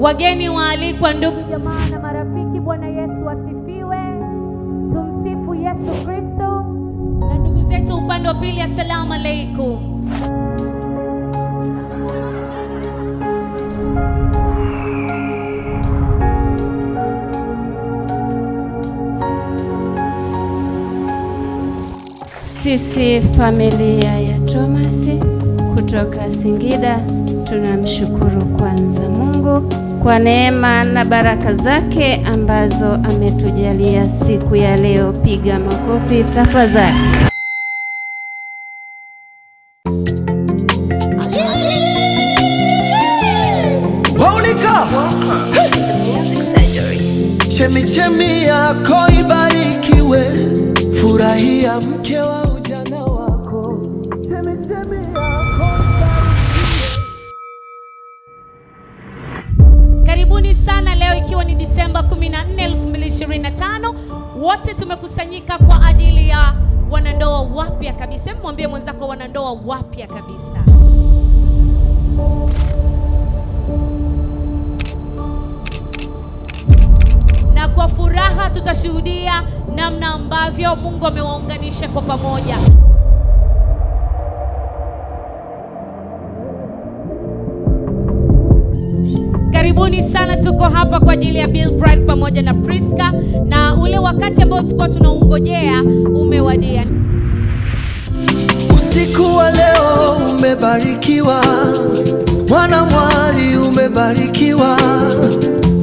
Wageni waalikwa, ndugu jamaa na marafiki, Bwana Yesu asifiwe. Tumsifu Yesu Kristo. Na ndugu zetu upande wa pili, assalamu alaikum. Sisi familia ya Thomas kutoka Singida tunamshukuru kwanza Mungu kwa neema na baraka zake ambazo ametujalia siku ya leo. Piga makofi tafadhali. Chemichemi yako ibarikiwe, furahia mke wote tumekusanyika kwa ajili ya wanandoa wapya kabisa. Mwambie mwenzako wanandoa wapya kabisa. Na kwa furaha tutashuhudia namna ambavyo Mungu amewaunganisha kwa pamoja. Karibuni sana, tuko hapa kwa ajili ya Bill Pride pamoja na Priska, na ule wakati ambao tulikuwa tunaungojea umewadia. Usiku wa leo umebarikiwa, mwana mwali umebarikiwa,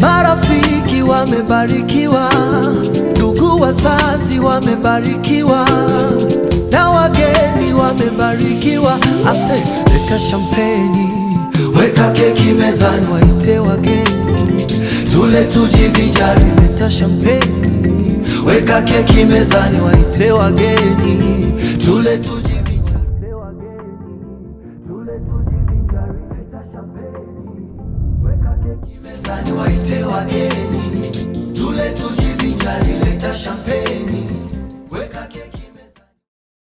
marafiki wamebarikiwa, ndugu wazazi wamebarikiwa na wageni wamebarikiwa. Ase leta champagne Weka keki mezani, waite wageni tule, tujivinjari, leta champagne. Weka keki mezani, waite wageni tule, tujivinjari, leta champagne. Weka keki mezani, waite wageni